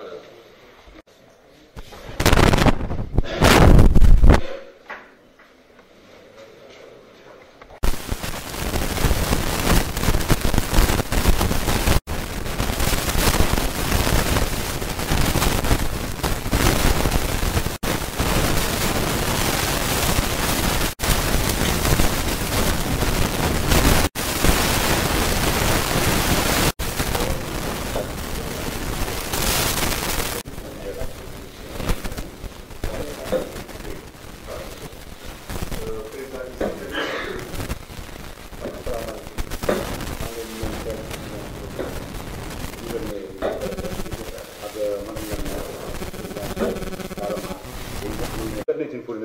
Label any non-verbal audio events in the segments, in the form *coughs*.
Uh,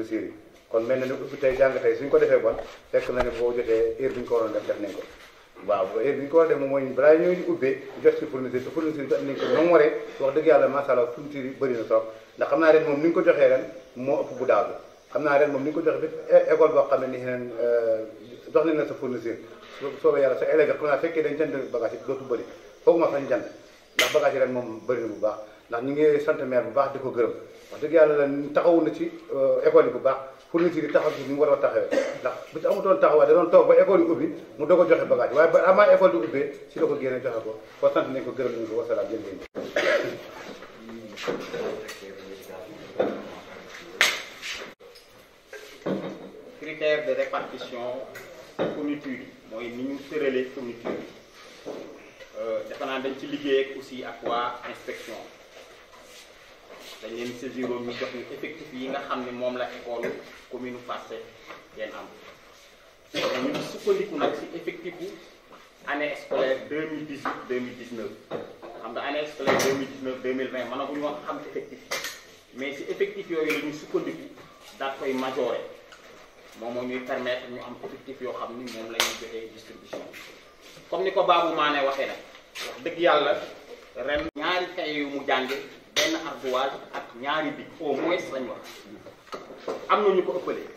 dossiers yi kon mel na ne ubbi tey jàng tey suñ ko defee bon fekk na ne boo jotee heure bi ñu ko def def a moom ni ñu ko joxee ren moo ëpp bu daaw xam naa ren moom ni ñu ko joxee bi e-, école boo xam ne ni xeneen euh, jox nañ la sa fourniture soobee yàlla sa élève xam naa fekkee dañ jënd bagage dootu bëri fooguma sañ jënd ndax bagage ren moom bëri na bu baax ndax ñu ngi sant maire bu baax di ko gërëm wax yàlla la taxawu na ci euh, école yi bu baax pour fourniture yi taxaw ci ni mu war a taxawee ndax bu ci amutoon taxawaay da doon toog ba école yi ubbi mu doo a joxe bagage waaye ba avant école di ubbee si la ko génne joxe ko ko ko gërëm nañ ko wasalaam jël ngeen critère de répartition fourniture yi mooy ni ñu tëralee fourniture yi euh, naa dañ ci liggéey aussi ak waa inspection dañ leen saisiroon ñu jox ñu effectif yi nga xam ne moom la école commune Fass Seck ngeen am ñu sukkandiku nag si effectif yi année scolaire 2018 2019 xam nga année scolaire 2019 2020 mën na bu ñoo xam effectif mais si effectif yooyu la ñu sukkandiku daal koy majoré moom moo ñuy permettre ñu am effectif yoo xam ni moom lañuy ñuy jotee distribution comme ni ko Babou Mané waxee nag wax yàlla ren ñaari kay mu jànge benn ardoise ak ñaari bi au moins lañ am na ñu ko ëppalee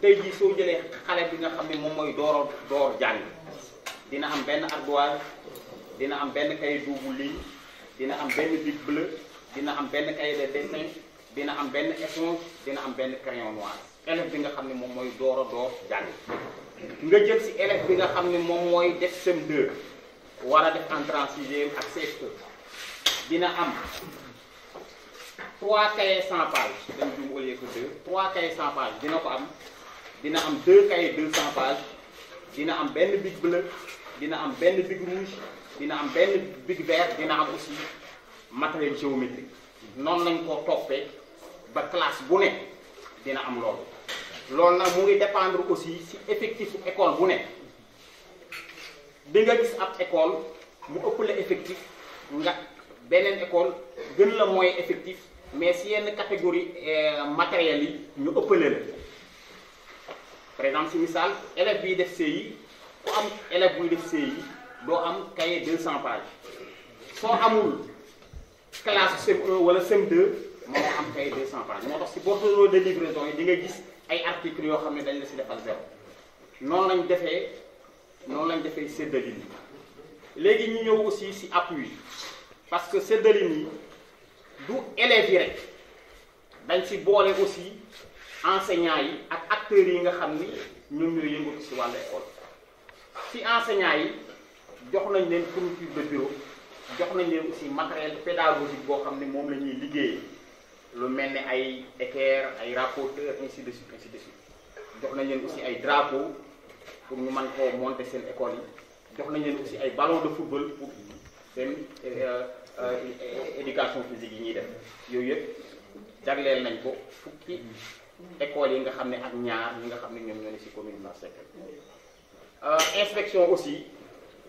tey jii soo jëlee xale bi nga xam ne moom mooy dooro door jàng dina am benn ardoise dina am benn cahier double ligne dina am benn bic bleu dina am benn cahier de dessin dina am benn éponge dina am benn crayon noir élève nga xam ne moom mooy dooro door jàng nga jël si élève nga xam ne moom mooy def sem 2 war a def entrée en ak CFEE dina am trois cahiers cent pages dañ jum au lieu deux trois cahiers cent pages dina ko am dina am deux cahiers deux cent pages dina am benn bic bleu dina am benn bic rouge dina am benn bic vert dina am aussi matériel géométrique noonu nañ ko toppee ba classe bu ne dina am loolu loolu nag mu ngi dépendre aussi ci effectif école bu ne di nga gis ab école mu ëpp la effectif nga beneen école gën la mooy effectif mais si yenn catégorie euh, matériel yi ñu ëppale la par exemple si missal élève biy def CI ku am élève buy def CI doo am cahier 200 pages soo amul classe CM1 euh, wala CM2 moo am cahier 200 pages moo tax si bordereau de livraison yi di nga gis ay articles yoo xam ne dañ si defal zéro noonu lañ defee noonu lañ defee séddalin yi léegi ñu ñëw aussi si appui parce que séddalin yi du élèves yi rek dañ si boole aussi enseignants yi ak acteurs yi nga xam ni ñoom ñooy yëngatu si wàllu école si enseignants yi jox nañ leen fourniture de bureau jox nañ leen aussi matériel pédagogique boo xam ne moom la ñuy liggéeyee lu mel ni ay équerre ay rapporteur si de suite si de suite jox nañ leen aussi ay drapeau pour ñu mën koo monter seen école yi jox nañ leen aussi ay ballon de football pour seen euh, Euh, éducation physique yi ñuy def yooyu yëpp jagleel nañ ko fukki écoles yi nga xam ne ak ñaar yi nga xam ne ñoom ñoo ne si commune Mar Seck euh, inspection aussi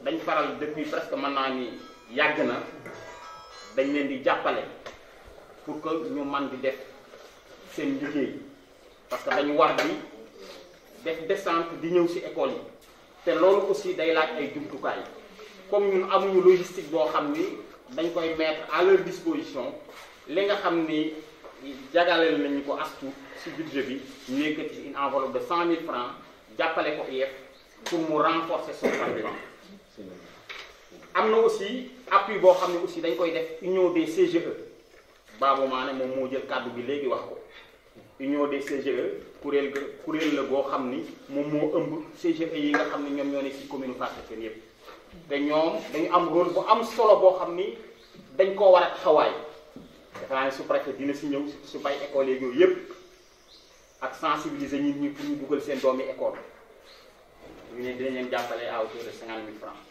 dañ faral depuis presque man naa ni yàgg na dañ leen di jàppale pour que ñu man di def seen liggéey parce que dañu wax di def descente di ñëw si école yi te loolu aussi day laaj ay jumtukaay comme amuñu logistique boo xam ni dañ koy mettre à leur disposition li nga xam ni jagaleel nañu ko astu ci budget bi ñu yëkkati une enveloppe de cent mille francs jàppale ko IEF pour mu renforcer son pavillon am na aussi appui boo xam ne aussi dañ koy def union des CGE Babou Mané moom moo jël kàddu bi léegi wax ko union des CGE kuréel ga la goo xam ni moom moo ëmb CGE yi nga xam ne ñoom ñoo nekk ci commune Fass Sène yëpp te ñoom dañu am rôle bu am solo boo xam ni dañ koo war a taxawaay defe naa ne su préfet dina si ñëw su bay école yooyu yëpp ak sensibiliser ñu ñi pour ñu dugal seen doomi école ñu ne dinañ leen jàppale à hauteur de cinquante mille francs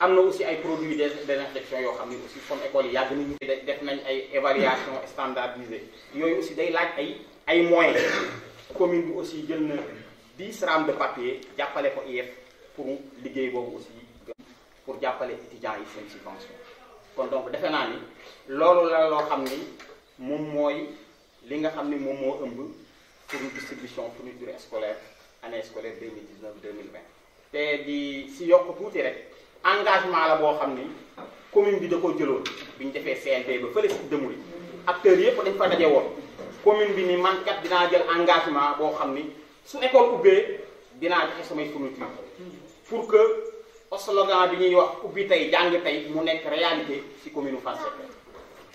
am na aussi ay produits désinfection yoo xam ni aussi comme école yi yàgg nañu def nañ ay évaluation standardisée yooyu aussi de laaj ay ay moyens commune bi aussi jël na dix rames de papier jàppale ko IEF pour liggéey boobu aussi pour jàppale étudiants yi seen subvention kon donc defe naa ni loolu la loo xam ni moom mooy li nga xam ni moom moo ëmb pour une distribution fourniture scolaire année scolaire 2019 2020 te di si yokk tuuti rek engagement la boo xam ni commune bi da ko jëloon bi ñu defee CNP ba fële si dëmul acteurs yëpp dañ fa daje woon commune bi ni man kat dinaa jël engagement boo xam ni su école ubbee dinaa joxe samay fourniture pour que slogan bi ñuy wax ubbi tey jàng tey mu nekk réalité si commune Fass Cekkeen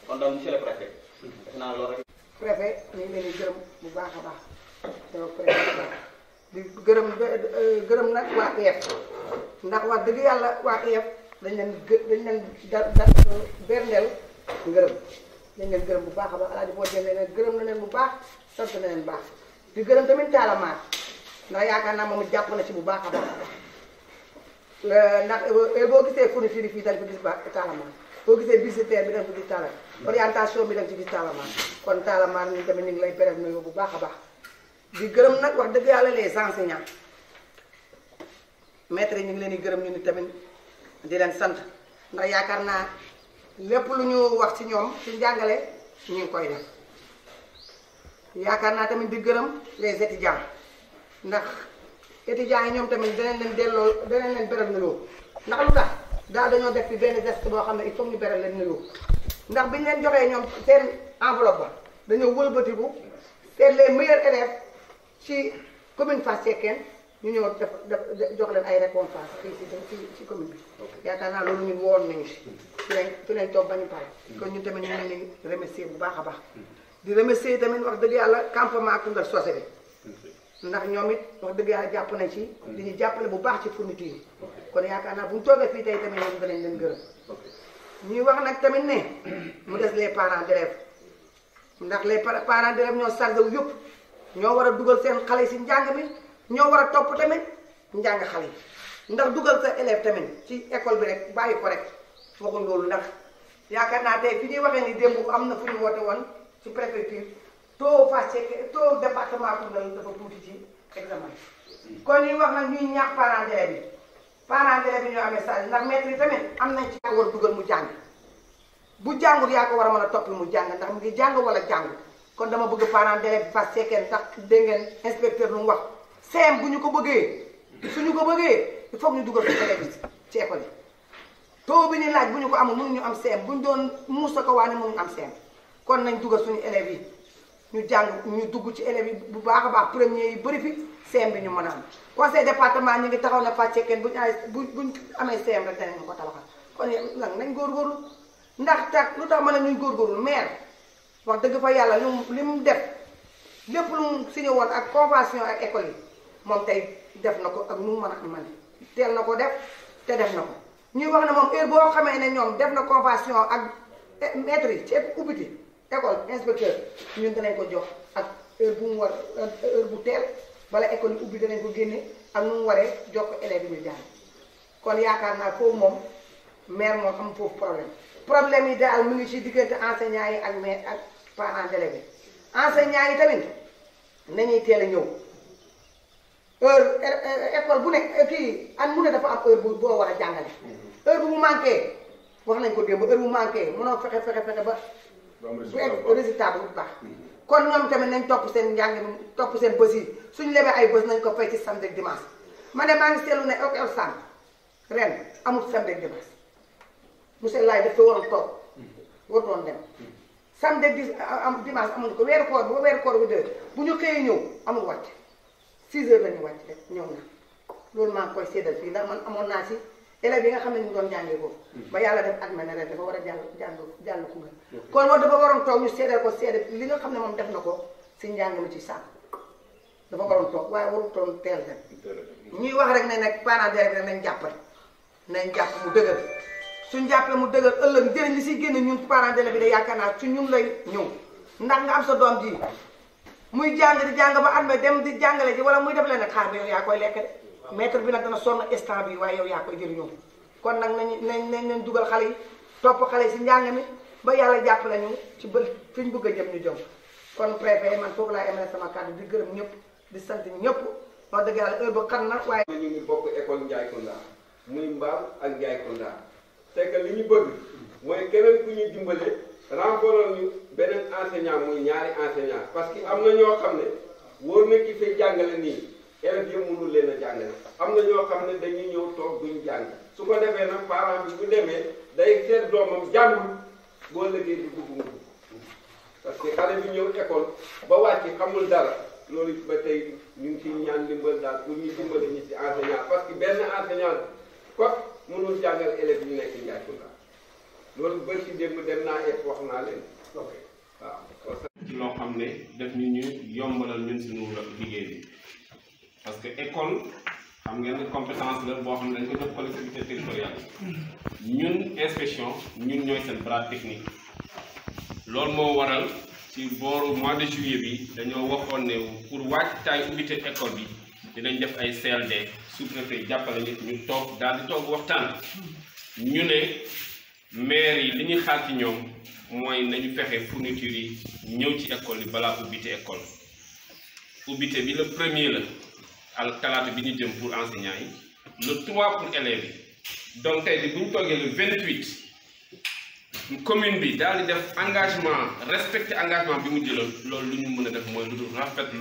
kon donc monsieur le préfet def naa loolu leen gërëm bu baax a baax di gërëm euh, gërëm nag waa IEF ndax wax dëgg yàlla waa IEF dañ leen gë dañ leen da da berndeel ngërëm dañ leen gërëm bu baax a baax alaaji boo demee nag gërëm na leen bu baax sant na leen baax di gërëm tamit taalamaar ndax yaakaar naa moom jàpp na si bu baax a baax. Euh, ndax euh, euh, boo gisee fourniture fii da nga ko gis ba Taalamaan boo gisee budgétaire bi da nga ko gis Taalamaan mm. orientation bi da nga ci gis Taalamaan kon Taalamaan ñu tamit ñu ngi lay péré nuyoo bu baax a baax di gërëm nag wax dëgg yàlla les enseignants maîtres yi ngi leen di gërëm ñu ni tamit di leen sant ndax yaakaar naa lépp lu ñu wax ci ñoom ci njàngale ñu ngi koy def yaakaar naa tamit di gërëm les étudiants ndax. étudiants yi ñoom tamit danañ leen delloo danañ leen beral neloo ndax lu tax daal dañoo def fi benn des boo xam ne il faut ñu beral leen neloo ndax biñ leen joxee ñoom seen enveloppe ba dañoo wëlbatiku seet les meilleurs élèves ci commune Fass Cekkeen ñu ñëw def def jox leen ay récompense fii ci ci commune bi yaakaar naa loolu ñun woon nañu si fi lañ fi lañ toog ba ñu pare kon ñun tamit ñu ngi leen remercier bu baax a baax hmm. di remercier tamit wax dëgg yàlla campement Koungheul Socé bi ndax ñoom it wax dëgg yàlla jàpp nañ ci li mm. ñu jàppale bu baax ci fourniture yi kon yaakaar naa bu ñu toogee fii tey tamit ñoom danañ leen gërëm ñuy wax nag tamit ne mu des les parents d'élèves ndax les parents d'élèves ñoo sargaw yëpp ñoo war a dugal seen xale si njàng mi ñoo war a topp tamit njàng xale yi ndax dugal sa élève tamit ci école bi rek bàyyi ko rek waxuñ loolu ndax yaakaar naa tey fi ñuy waxee ni démb am na fu ñu woote woon ci préfecture taux Fass taux département Koungheul dafa tuuti ci examen kon wax nag ñuy ñaax parents bi parents d'élèves bi ñoo am message ndax maître am nañ ci war dugal mu jàng bu jàngut yaa ko war a mën a toppi mu jàng mu ngi jàng wala jàngut kon dama bëgg parents d'élèves bi Fass dégg ngeen inspecteur lu mu wax CM bu ñu ko bëggee suñu ko bëggee il faut ñu dugal ko élèves bi ni laaj bu ñu ko amul mënuñu am CM bu ñu doon muusa ko waane mënuñu am CM kon nañ dugal suñu élèves ñu jàng ñu dugg ci élèves yi bu baax a baax premier yi bëri fi CEM bi ñu mën a am conseil département ngi taxaw na Fatou Cekkeen bu ñu ay bu buñ amee CEM rek ko tabaxal kon nag nañ góorgóorlu ndax tax lu tax ma ne nuñ góorgóorlu maire wax dëgg fa yàlla lu li mu def lépp lu mu woon ak convention ak école yi moom tey def na ko ak nu mu mën a man teel na ko def te def na ko ñuy wax na moom heure boo xamee ne ñoom def na convention ak metre yi ci ubbite école inspecteur ñun danañ ko jox ak heure bu mu war heure bu teel bala école yi ubbi danañ ko génne ak nu mu waree jox ko élèves yi ñu jàng kon yaakaar naa foofu moom maire moom am foofu problème problème yi daal mu ngi si diggante enseignants yi ak maire ak parents d'élèves yi enseignants yi tamit nañuy teel a ñëw heure école bu ne kii am mu ne dafa am heure bu boo war a jàngale heure bu mu wax nañ ko démb heure bu manqué mënoo fexe fexe fexe ba bu résultat bu baax kon ñoom tamit nañ topp seen njàng topp seen bës suñ lebee ay bës nañ ko fay ci samedi ak dimanche ma ne maa ngi seetlu ne école sàmm ren amul samedi ak dimanche monsieur Laye daf ko waroon toog warutoon dem samedi ak dimanche amuñu ko weeru koor bu weeru koor bu dee bu ñu xëyee ñëw amul wàcc 6 heures la ñu wàcc rek ñëw na loolu maa ngi koy séddal fii ndax amoon naa si élèves yi nga xam ne ñu doon jàngee foofu mhm. ba yàlla def at ma ne ren dafa war a jàll jàng jàll ko kon moom dafa waroon toog ñu seedeel ko seede li nga xam ne moom def na ko si njàng mi ci sàmm dafa waroon toog waaye waru toon teel dem ñuy wax rek ne nag parents rek nañ jàppale nañ jàpp mu dëgër suñ jàppale mu dëgër ëllëg njëriñ li si génn ñun parents d'élèves bi de yaakaar naa su ñun lay ñëw ndax nga am sa doom ji muy jàng di jàng ba at ma dem di jàngale ji wala muy def la nag xaar bi yaa koy lekk maître bi nag dana sonn instant bi waaye yow yaa koy jëriñoo kon nag nañ nañ nañ dugal xale yi topp xale yi si njàng mi ba yàlla jàpp lañu ci bë fi ñu bëgg a jëm ñu jëm kon préfet man foofu laa amee sama kàddu di gërëm ñëpp di sant ñëpp wax dëgg yàlla heure ba xat na waaye ñu ngi bokk école Ndiaye Kounda ak Ndiaye Kounda te que li ñu bëgg mooy keneen ku ñu dimbale renforcer ñu beneen enseignant muy ñaari enseignant parce que am na ñoo xam ne woo na ki fay nii élèves yi mënul leen a jàngale na ñoo xam ne dañuy ñëw toog duñ jàng su ko defee nag parent su ko demee day seet doomam jàngul boo lëggee di dugg parce que xale bi ñëw école ba wàcc xamul dara loolu ba tey ñu ngi ciy ñaan dimbal daal pour ñu dimbali ñu ci enseignant parce que benn enseignant ko mënul jàngal élèves yu nekk njàngu la loolu ba ci démb dem naa et wax naa leen ok waaw. ci loo xam ne daf ñu ñu yombalal ñun suñu liggéey bi. parce que école xam nga ne compétence la boo xam ne dañ ko jox collectivité territoriale ñun inspection ñun ñooy seen bras technique loolu moo waral ci booru mois de juillet yi dañoo waxoon ne pour waajtaay ubbite école bi dinañ def ay CLD sous-préfet jàppale nit ñu toog daal di toog waxtaan ñu ne maire yi li ñuy xaar ci ñoom mooy nañu fexe fourniture yi ñëw ci école yi balaa ubbite école ubbite bi le premier la al kalaame bi ñu jëm pour enseignants yi le 3 pour élèves yi donc tey bi bu ñu toogee le 28 commune bi daal di def engagement respecte engagement bi mu jëloon loolu lu ñu mën a def mooy lu dul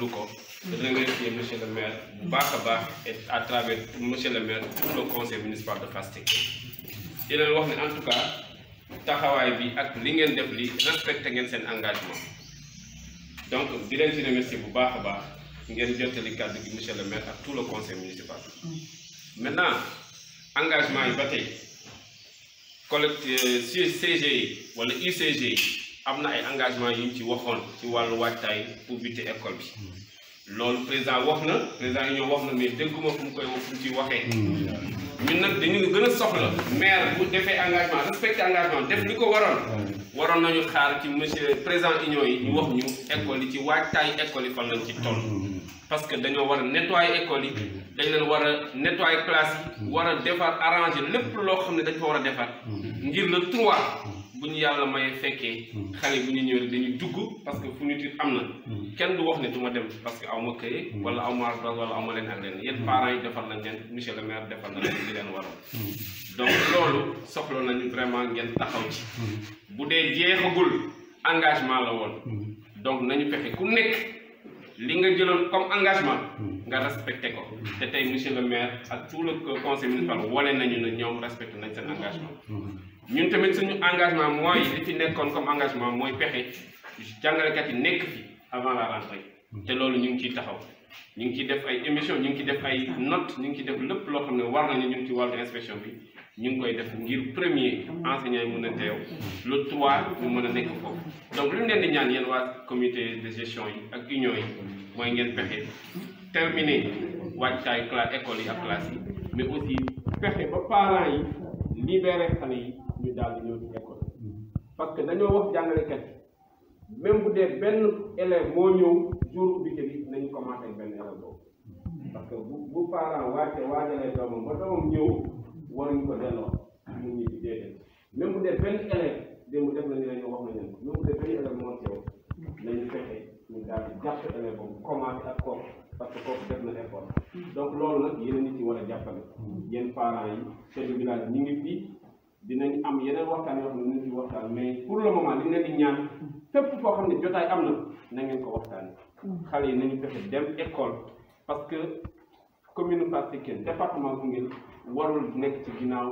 lu ko. dina monsieur le maire bu baax a baax et à travers monsieur le maire tout le conseil municipal de Fatick. di leen wax ne en tout cas taxawaay bi ak li ngeen def li respecté ngeen seen engagement donc di leen bu baax a baax. ngeen jottali kàddu gi monsieur le maire ak tout le conseil municipal. Mm. maintenant engagement yi ba tey collecte euh, CG yi wala UCG yi am na ay engagement yu ñu ci waxoon ci wàllu waajtaay pour éviter école bi. Mm. loolu président wax na président yi ñoo wax na mais dégguma fu mu koy wax fu mu ciy waxee. Mm. ñun nag dañu gën a soxla. maire bu defee engagement respecté engagement def li ko waroon. waroon nañu xaar ci monsieur président union yi ñu wax ñu école yi ci waajtaayu école yi fan lañ ci toll. Mm. parce que dañoo war a nettoyer école yi. Mm. dañ lañu war a nettoyer classe yi. war a defar arranger lépp loo xam ne dañ ko war a defar. ngir le trois. bu ñu yàlla may fekkee hmm. xale bu ñu ñëwee dañuy dugg parce que fu ñu fourniture am na hmm. kenn du wax ne du ma dem parce que aw ma këye hmm. wala aw ma ardoise wala aw ma leen ak leen yéen parents yi defal nañ leen monsieur le maire defal na leen li leen waroon donc loolu soxla nañu vraiment ngeen taxaw ci bu dee jeexagul engagement la woon donc nañu fexe ku nekk li nga jëloon comme engagement nga respecté ko te tey monsieur le maire ak tout le conseil municipal wane na ne ñoom respecté nañ seen ñun tamit suñu engagement mooy li fi nekkoon comme engagement mooy pexe jàngalekat yi nekk fi avant la rentrée te loolu ñu ngi ciy taxaw ñu ngi ciy def ay émission ñu ngi ciy def ay note ñu ngi ciy def lépp loo xam ne war nañu ñun ci wàllu inspection bi ñu ngi koy def ngir premier enseignant yi mën a teew le trois ñu mën a nekk foofu donc lu ñu leen di ñaan yéen waa comité de gestion yi ak union yi mooy ngeen pexe terminer wàccaay classe école yi ak classe yi mais aussi pexe yi daal di ñëw ci école mm-hmm. parce que dañoo wax jàngalekat yi même bu dee benn élève moo ñëw jour bi bi nañu commencé benn élève boobu mm-hmm. que bu bu ba doomam ñëw waruñ ko delloo mu ñu di déedéet même dee benn élève démb def nañu ne wax nañu même dee benn élève moo teew nañu fexe ñu daal jàpp élève boobu commencé ak kooku parce kooku def na effort mm-hmm. donc loolu nag yéen a ngi war a jàppale yéen parents yi chef de village ñu ngi fii dinañ am yeneen waxtaan yoo xam waxtaan mais pour le moment li leen di ñaan fépp foo xam ne jotaay am na na ngeen ko waxtaanee. xale yi nañu fexe dem école parce que commune Fass Thiékène département Koungheul warul nekk ci ginnaaw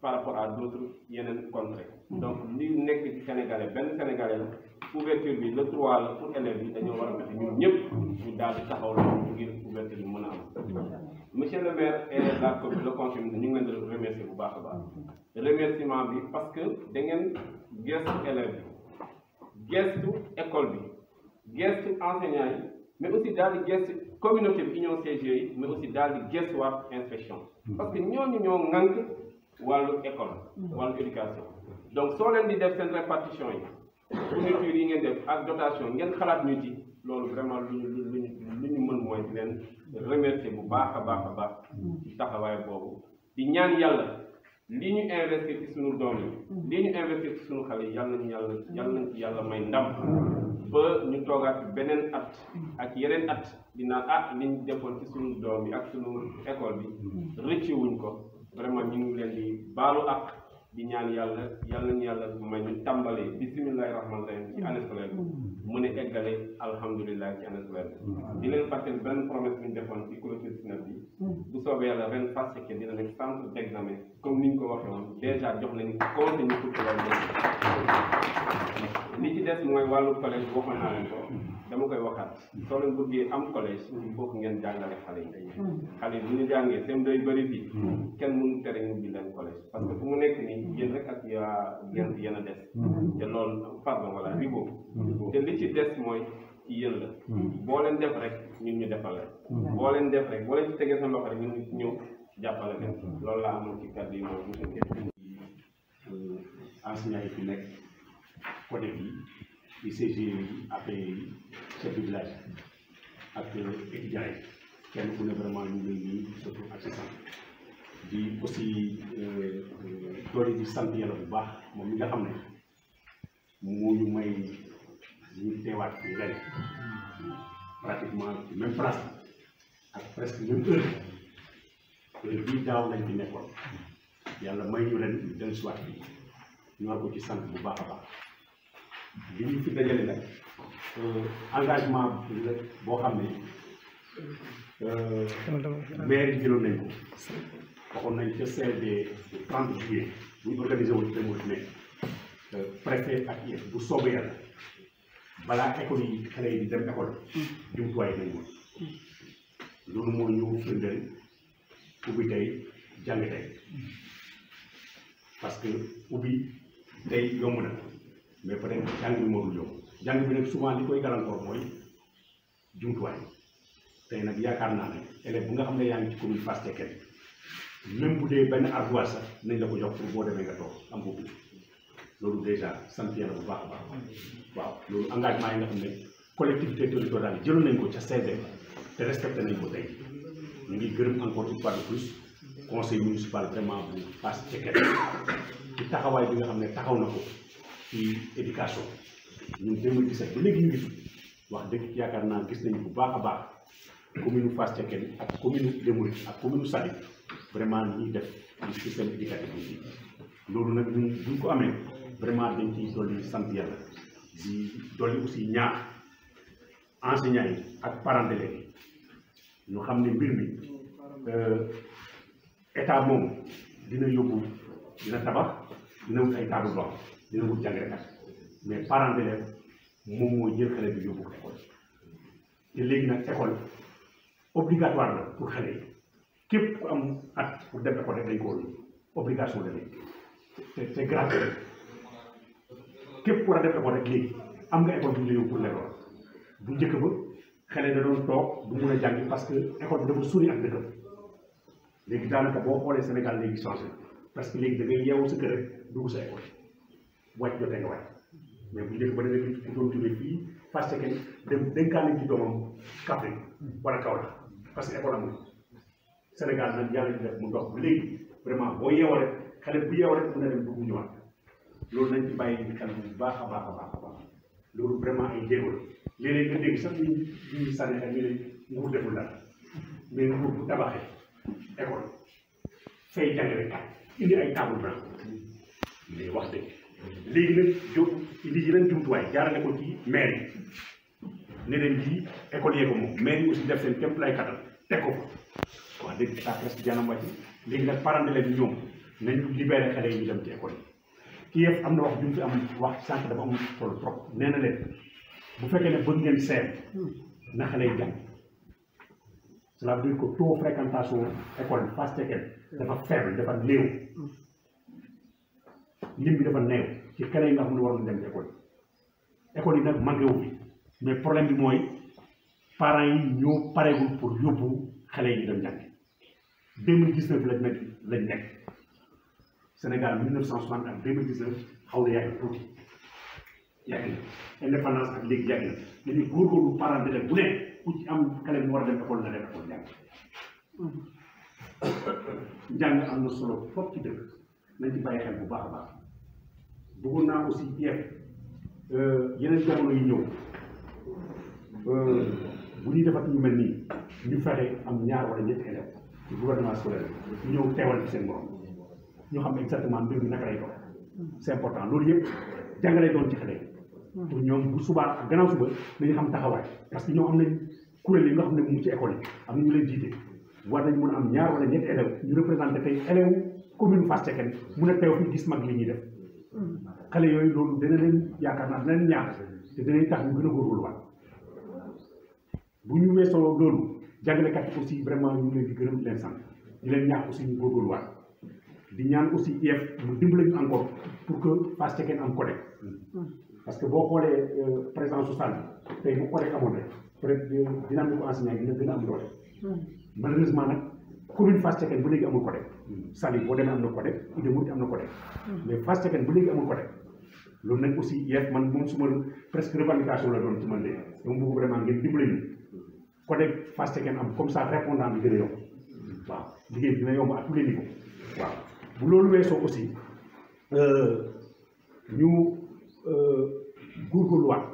par rapport à d' yeneen contrées. Mm. donc li nekk ci Sénégalais benn Sénégalais la. couverture bi le trois la pour élèves yi dañoo war a ñun ñëpp ñu daal di taxaw loolu ngir couverture bi mën a am monsieur le maire et la commune le conseil ñu ngi leen di remercier bu baax a baax remerciement bi parce que dangeen ngeen gestu bi gestu école bi gestu enseignants yi mais aussi daal di gestu communauté bi union CGE yi mais aussi daal di gestuwaat inspection parce que ñooñu ñoo ŋànk wàllu école wàllu éducation donc soo leen di def seen répartition yi fourniture yi ngeen def ak dotation ngeen xalaat ñu ci loolu vraiment lu ñu lu ñu lu ñu mën mooy di leen remercier bu baax a baax a baax taxawaay boobu di ñaan yàlla li ñu investir ci suñu doom yi li ñu investir ci suñu xale yi yàlla nañu yàlla yàlla yàlla may ndam ba ñu toogaat beneen at ak yeneen at dinaan ah li ñu defoon ci suñu doom yi ak suñu école bi rëcce wuñ ko vraiment ñu ngi leen di baalu ak di ñaan yàlla yàlla nañu yàlla may ñu tàmbali bisimilahi rahmaani rahim ci année scolaire mu ne eggale alhamdulilah ci année scolaire di leen fàttali benn promesse bu ñu defoon ci clôture SNEP bi bu soobee yàlla ren Fass Cekkeen dina nekk centre examen comme ni ñu ko waxee woon dèjà jox nañu compte ñu pour que li ci des mooy wàllu collège waxoon naa leen ko. dama koy waxaat soo leen bëggee am collège il mm. ngeen jàngale xale yi mm. xale yi bu ñu jàngee bëri bi mm. kenn mënu tere ñu bi leen collège parce que fu mu nekk nii yéen rek ak yaa yéen yéen a des te loolu pardon voilà ribo te li ci des mooy ci yéen la boo leen def rek ñun ñu defal leen boo leen def rek boo leen ci tegee seen rek ñun ñu ñëw jàppale leen loolu laa amoon ci kàddu yi euh, yi fi nekk côté bi di CGE yi chef de village ak étudiants yi kenn ku ne vraiment ngi leen di ak sa sant di aussi euh, doole di sant yàlla bu baax moom mi nga xam ne moo ñu may ñu teewaat bi ren pratiquement même place ak presque même heure heure bii daaw lañ fi nekkoon yàlla may ñu ren dellusiwaat bi ko ci sant bu baax a baax li ñu fi dajale nag. Euh, engagement bi la boo xam ne euh, maire yi jëloon nañ ko waxoon nañ ca CRD du 30 juillet bu ñu organisé woon ci demoo ci ak yéen bu soobee yàlla balaa école xale yi dem école jumtuwaay nañ woon loolu moo ñëw firndeel ubbi tey jàng tey parce que ubbi tey yomb na mais peut-être jàng moo dul yomb jàng bi nag souvent li koy gàllankoor mooy jumtuwaay tey nag yaakaar naa ne élève bu nga xam ne yaa ngi ci commune Fass Cekkeen même bu dee benn ardoise sax nañ la ko jox pour boo demee nga toog am boobu loolu déjà sant yàlla bu baax baax waaw loolu engagement yi nga xam ne collectivité territoriale yi nañ ko ca CDE te respecté nañ ko tey ñu ngi gërëm encore une fois de plus conseil municipal vraiment bu Fass Cekkeen ci taxawaay bi nga xam ne taxaw na ko ci éducation ñun 2017 ba léegi ñu gisul wax dëgg yaakaar naa gis nañu bu baax a baax commune Fass Cekkeen ak commune Demoury ak commune Saly vraiment ñuy def ci système éducatif bi loolu nag ñun buñ ko amee vraiment dañ ciy dolli sant yàlla di dolli aussi ñaax enseignants ak parents yi ñu xam ne mbir mi euh, état moom dina yóbbu dina tabax dina wut ay table banc dina wut jàngalekat mais parent d'élève moom moo jël xale bi yóbbu ko te léegi nag école obligatoire la pour xale yi képp ku am at pour dem école rek dañ ko woon obligation la képp ku war a dem école rek am nga école bu yóbbu pour l'école bu njëkk ba xale da doon toog du mun a jàngi parce que école bi dafa sori ak dëkkam léegi daanaka boo xoolee Sénégal léegi changé parce que léegi da ngay yeewu sa kër rek dugg sa école wàcc jotee nga wàcc. mais bu njëkk ba da nga ko doon fii parce que dem dénkaane ci doomam Kaffrine wala Kaolack parce que école amul Sénégal nag yàlla di def mu dox bu léegi vraiment boo yeewoo rek xale bu yeewoo rek mën na dem dugg ñëwaat loolu nañ ci bàyyi xel bu baax a baax a baax a baax loolu vraiment ay jéego la nguur deful dara mais nguur bu tabaxee école fay jàngale indi ay table blanc mais wax dëgg léegi nag jóg indi yeneen jumtuwaay jaarale ko ci maire yi ne leen ji école yee ko moom maire yi aussi def seen kéem lay kattan teg ko ko wax dëgg sa presque jaanam wàcc léegi nag parents d'élèves yi ñoom nañu libéré xale yi ñu dem ci école yi kii yëpp am na wax jum fi am wax sànq dafa am solo trop nee na leen bu fekkee ne bëgg ngeen seet na xale yi jàng cela veut dire que taux fréquentation école Fass Cekkeen dafa faible dafa néew lim bi dafa neew ci xale yi nga xam ne war na dem école école yi nag manqué wu fi mais problème bi mooy parents yi ñoo pareegul pour yóbbu xale yi dem jàngi deux mille dix neuf xaw na a dem école na dem njàng *coughs* am na solo foofu ci dëkk nañ ci bàyyi xel bu baax baax bëggoon naa aussi IEF euh, yeneen jamono yu ñëw euh, bu ñuy defat ñu mel nii ñu fexe am ñaar wala ñetti élèves ci gouvernement scolaire ñu ñëw teewal ci seen borom ñu xam exactement mbir mi naka lay doon c'est important loolu yëpp jàngale doon ci xale yi pour ñoom bu subaa ak gannaaw suba nañu xam taxawaay parce que ñoo am nañ kuréel yi nga xam ne mu ngi ci école yi am na ñu leen jiite war nañ mun am ñaar wala ñetti élèves ñu représenté tey élèves commune Fass Cekkeen mun a teew fi gis mag li ñuy def xale yooyu loolu dana leen yaakaar naa dana leen ñaax te danañ tax ñu gën a góorgóorluwaat bu ñu weesoo loolu jàngalekat yi aussi vraiment ñu ngi leen di gërëm di leen sant di di ñaan aussi IEF mu dimbali pour que Fass Cekkeen am parce que boo xoolee euh, présence sociale bi tey bu codec amoon rek peut être dina am ñu ko enseignant a am doole malheureusement nag commune Fass Cekkeen bu léegi amul codec Saly boo demee am na codec Idda Mouride am na codec mm. mais Fass Cekkeen bu léegi amul codec loolu nag aussi yeef man moom suma presque revendication la doon ci man de dama bëgg vraiment ngeen dimbali ñu côté Fass Cekkeen am comme ça a yomb waaw liggéey dina yomb à tous les waaw bu loolu weesoo aussi euh, ñu euh, góorgóorluwaat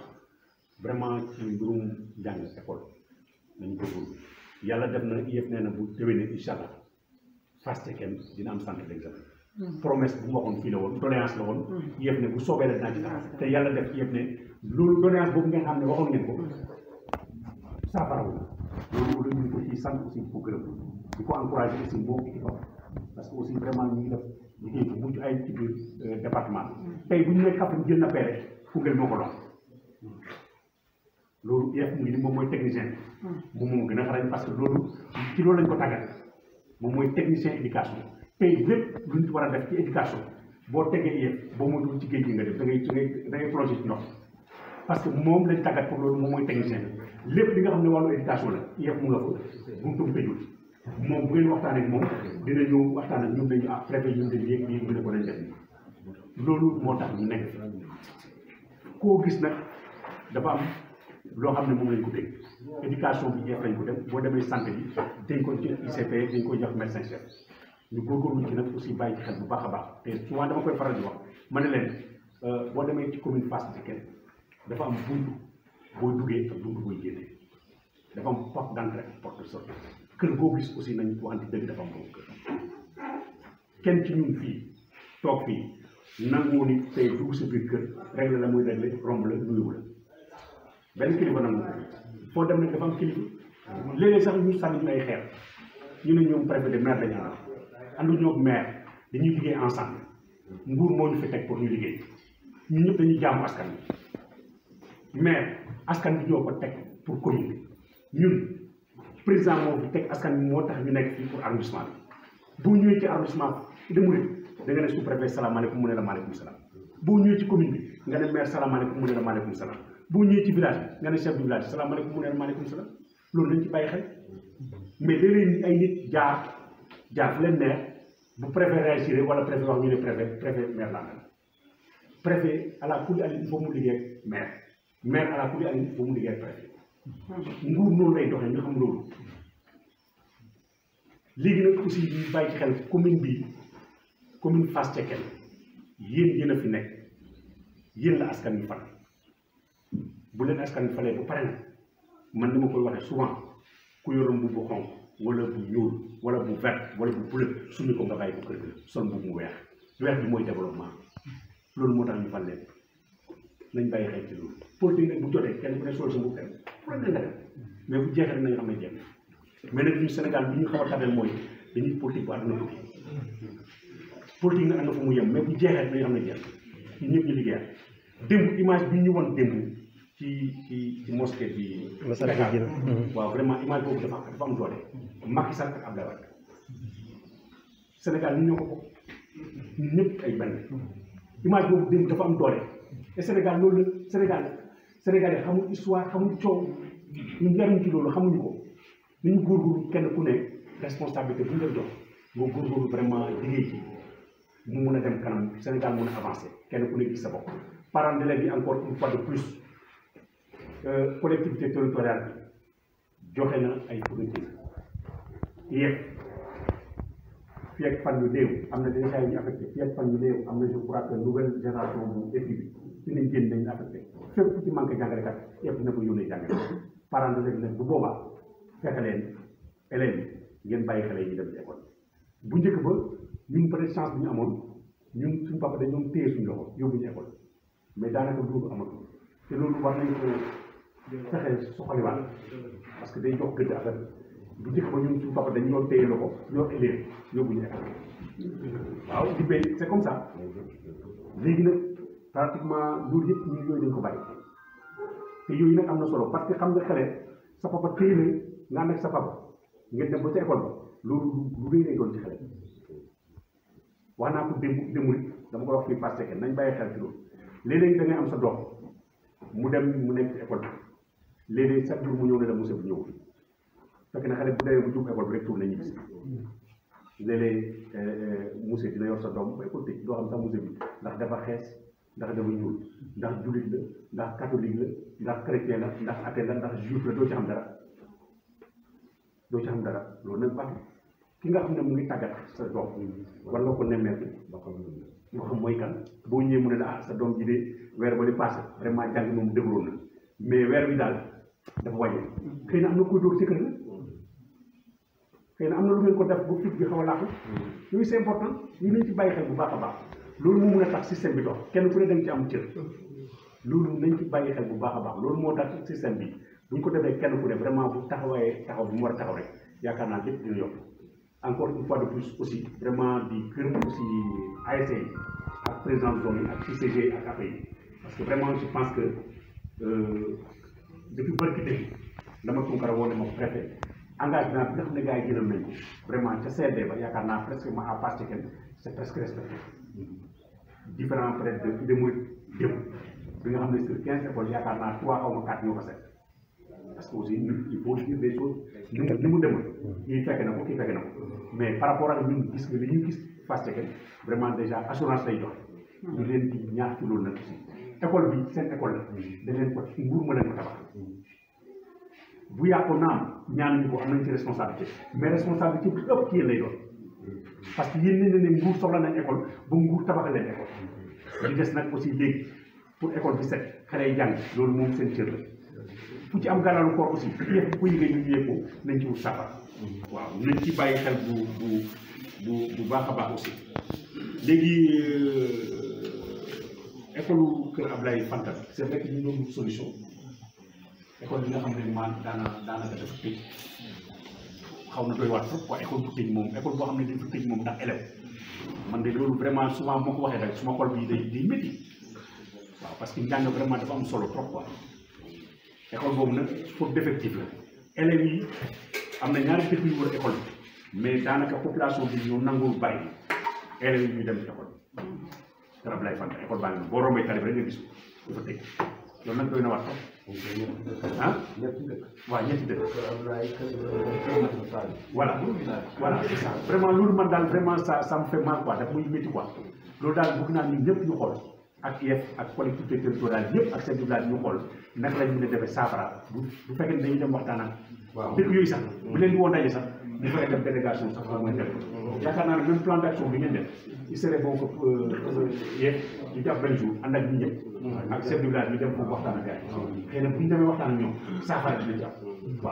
vraiment ci mbirum nañ góorgóorlu yàlla def na yeef nee na bu déwénee incha allah Fass dina am centre d'examen Mm. promesse bu mu waxoon fii la woon doléance la woon mm. yëpp bu soobee la dinaa ci taxaw te yàlla def yëpp ne loolu doléance boobu nga xam ne waxoon ngeen ko mm. saafarawu loolu ñu ngi ko ciy sant aussi ko di que aussi vraiment ñu ngi def liggéey bu mucc ay ci biir euh, département na peere Koungheul moo ko dox loolu yëpp ngi ni moom mooy technicien bi moom gën a xarañ parce que loolu ci loolu lañ ko tàggat moom mooy technicien éducation tey lépp lu nit war def ci éducation boo tegee yëpp boo moytuwul ci géej gi nga def da ngay da ndox parce que moom lañ tàggat pour loolu moom mooy bi lépp xam ne wàllu éducation la yëpp mu nga moom bu ngeen waxtaanee ak moom dina ñëw ah ko dañ def loolu moo tax ñu nekk koo gis nag dafa am loo xam ne moom lañ ko dégg éducation bi jeex lañ ko dem boo demee santé bi dañ ko jox ICP dañ ko jox médecin chef ñu góorgóorlu ci nag aussi bàyyi ci xel bu baax a baax te souvent dama koy faral di man ma ne leen euh, boo demee ci commune Fass Thiékène dafa am buntu booy duggee ak buntu booy génnee dafa am kër goo gis aussi nañ waxante dëgg dafa am boobu kër kenn ci ñun fii toog fii nangu ni tey dugg sa biir kër réglé la muy réglé romb la nuyu la benn kilifa nangu foo dem nag dafa am kilifa léeg sax ñu sànni ñu ay xeer ñu ne ñoom préfet maire lañu am ànduñoo ak maire dañuy liggéey ensemble nguur moo ñu fi teg pour ñu liggéey ñun ñëpp dañuy jaamu askan bi maire askan bi ñoo ko teg pour commune bi ñun président moo fi teg askan bi moo tax ñu nekk fii pour arrondissement bi boo ñëwee ci arrondissement bi da nga ne sous-préfet salaamaaleykum mu ne la maaleykum salaam boo ñëwee ci commune bi nga ne maire salaamaaleykum mu ne la maaleykum salaam boo ñëwee ci village bi nga ne chef du village salaamaaleykum salaam loolu dañ ci bàyyi jaaf leen neex bu préfet réagir wala préfet wax ñu ne préfet préfet laa mel préfet à la cour d'Alli mu liggéey ak maire maire à la cour d'Alli mu liggéey ak préfet nguur noonu lay doxee ñu xam loolu léegi nag aussi ñu bàyyi ci xel commune bi commune Fass Cekkeen yéen yéen a fi nekk yéen la askan wi fal bu leen askan wi falee bu pare nag man dama koy waxee souvent ku yoroon mbubb bu xonq wala bu ñuul wala bu vert wala bu bleu summi ko nga bàyyi ko kër ga sol bu mu weex weex bi mooy développement loolu moo tax ñu fal leen nañ bàyyi xel ci loolu politique nag bu jotee kenn ku ne sol sa bopp kenn ku ne nga mais bu jeexee nañ xam ne jeex mais nag ñu Sénégal bi ñu xaw a tabel mooy dañuy politique bu àdduna tukki na fu mu yem jeexee nañ xam ne jeex ñun ñëpp ñu liggéeyal démb image bi ñu won démb ci ci ci mosquée bi. Massalikul Jinaan mhm. waaw vraiment image boobu dafa dafa am doole. Macky Sall ak ay benn image dafa am doole te Sénégal loolu la Sénégal Sénégalais xamul histoire xamul coow ñun yaruñ ci loolu xamuñu ko nañu góorgóorlu kenn ku ne responsabilité bu ñu la jox nga góorgóorlu vraiment liggéey ci mu mun a dem kanam Sénégal mun a avancer kenn ku ne gis sa bopp parents d'élèves bi encore une fois de plus. Euh, collectivité territoriale bi joxe na ay fournitures yépp fii ak fan yu néew am na déjà yu ñu affecté fii ak fan yu am na je crois que nouvelle génération bu équipe bi ci lañ génn nañ affecté fépp ci manqué jàngalekat yépp na ko yónnee jàngalekat parents d'élèves nag bu boobaa fexe leen élèves yi ngeen bàyyi xale yi dem ci bu njëkk ba ñun peut-être chance bi ñu amoon ñun suñu papa dañu téye suñu loxo yóbbu ñu mais daanaka du ko amatul te loolu fexeel suqaliwaat parce que day jox gëdd affaire bu njëkk ba ñun suñu papa dañ ñoo téye loxo ñoo élève yóbbu ñu école waaw di béy c'est comme ça léegi nag pratiquement loolu ko bàyyi te yooyu nag am na solo parce que xam nga xale sa papa na nga nekk sa papa ngeen dem ba sa ba loolu lu rëy dama ko wax fii parce que nañ bàyyi xel ci loolu léeg-léeg am sa doom mu dem mu nekk ci école bi léegi léeg chaque jour mu ñëw ne la bu ñëw fekk na xale bu demee bu jub école bi rek tourné ñu gis léeg-léeg euh, dina yor sa doom ba école tëj doo xam sax monsieur bi ndax dafa xees ndax dafa ñuul ndax jullit la ndax catholique la ndax chrétien la ndax athée la ndax juif la doo ci xam dara doo ci xam dara loolu nag baaxul ki nga xam ne mu ngi tàggat sa doom war nga ko nemmeeku nga xam mooy kan boo ñëwee mu ne la ah sa doom ji de weer ba di passé vraiment jàng moom dégloon dafa wàññi xëy na am na koy dóor ci kër ga na am na lu ngeen ko def bu fit bi xaw a laaxu yooyu c'est important ñu nañ ci bàyyi xel bu baax a baax loolu moo mun tax système bi dox kenn ku dem ci am cër loolu nañ bu baax a loolu moo tax système bi bu ñu ko defee kenn ku ne vraiment bu taxawaaye taxaw bu mu war a taxaw rek yaakaar naa lépp dina yokk encore une fois de plus aussi vraiment di gërëm aussi ASC ak président zone yi ak CCG ak APE yi parce que vraiment je pense que euh, depuis barki tey dama Tounkara woo ne ma préfet engagement bi nga xam yi jëlal nañ ko vraiment ca CRD ba yaakaar naa presque ma à part ci kenn c' est presque respecté différent bi mu ni mu demal kii fekk ko kii fekk ko mais par rapport ak ñun gis li ñu gis Fass Cekkeen vraiment déjà assurance lay jox ñu leen di ñaax ci loolu nag aussi école bi seen école la dañ ko nguur moo leen ko tabax bu yàqu naam ñaan ñu ko am nañ ci responsabilité mais responsabilité bi ëpp ci yéen lay doon parce que yéen ne ne nguur soxla nañ école ba nguur tabax leen école des nag aussi léegi pour école bi set xale yi jàng loolu moom seen cër la fu ci am gàllalu koor aussi yëpp ko yëgee ñu yëg ko nañ ci wut safar waaw nañ ci bàyyi xel bu bu bu bu baax a baax aussi léegi euh, école Kër Ablaye Fanta c' est ñu doon solution école bi nga xam ne maan daana daanaka dafa tëj xaw na doy trop waaye école bu tëj moom école boo xam ne dafa tëj moom ndax élève man de loolu vraiment souvent waxee rek suma xol bi day day métti waaw parce que njàng vraiment dafa am solo trop quoi école boobu nag faute d'effectif la élèves yi am na ñaari dëkk yu wër école mais daanaka population bi ñoo nangul bàyyi élèves yi ñu dem école garab lay fanta école baa ngi boo rombee tali ba rek nga gis ko dafa tëj loolu nag doy na war taw. ah ñetti dëkk. waaw ñetti dëkk. voilà voilà c'est ça vraiment loolu man daal vraiment ça ça me fait mal quoi daf muy métti quoi loolu daal bëgg naa ñun ñëpp ñu xool ak IEF ak collectivité territoriale yëpp ak seen village ñu xool naka la ñu mën a defee saafara bu bu fekkee ne dañuy dem waxtaan ak. waaw dëkk yooyu sax bu leen di woon daje sax bu fekkee def délégation sax. waaw mooy def yaakaar naa ne même plan d'action bi ngeen def. il serait bon que euh, euh, yéen ñu def benn jour ànd ak ñun ñëpp. Mm. ak chef du village bi dem pour waxtaan ak gars yi. Mm. xëy na bu waxtaan ak ñoom saafara dina ci am. Mm.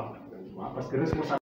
parce que responsable.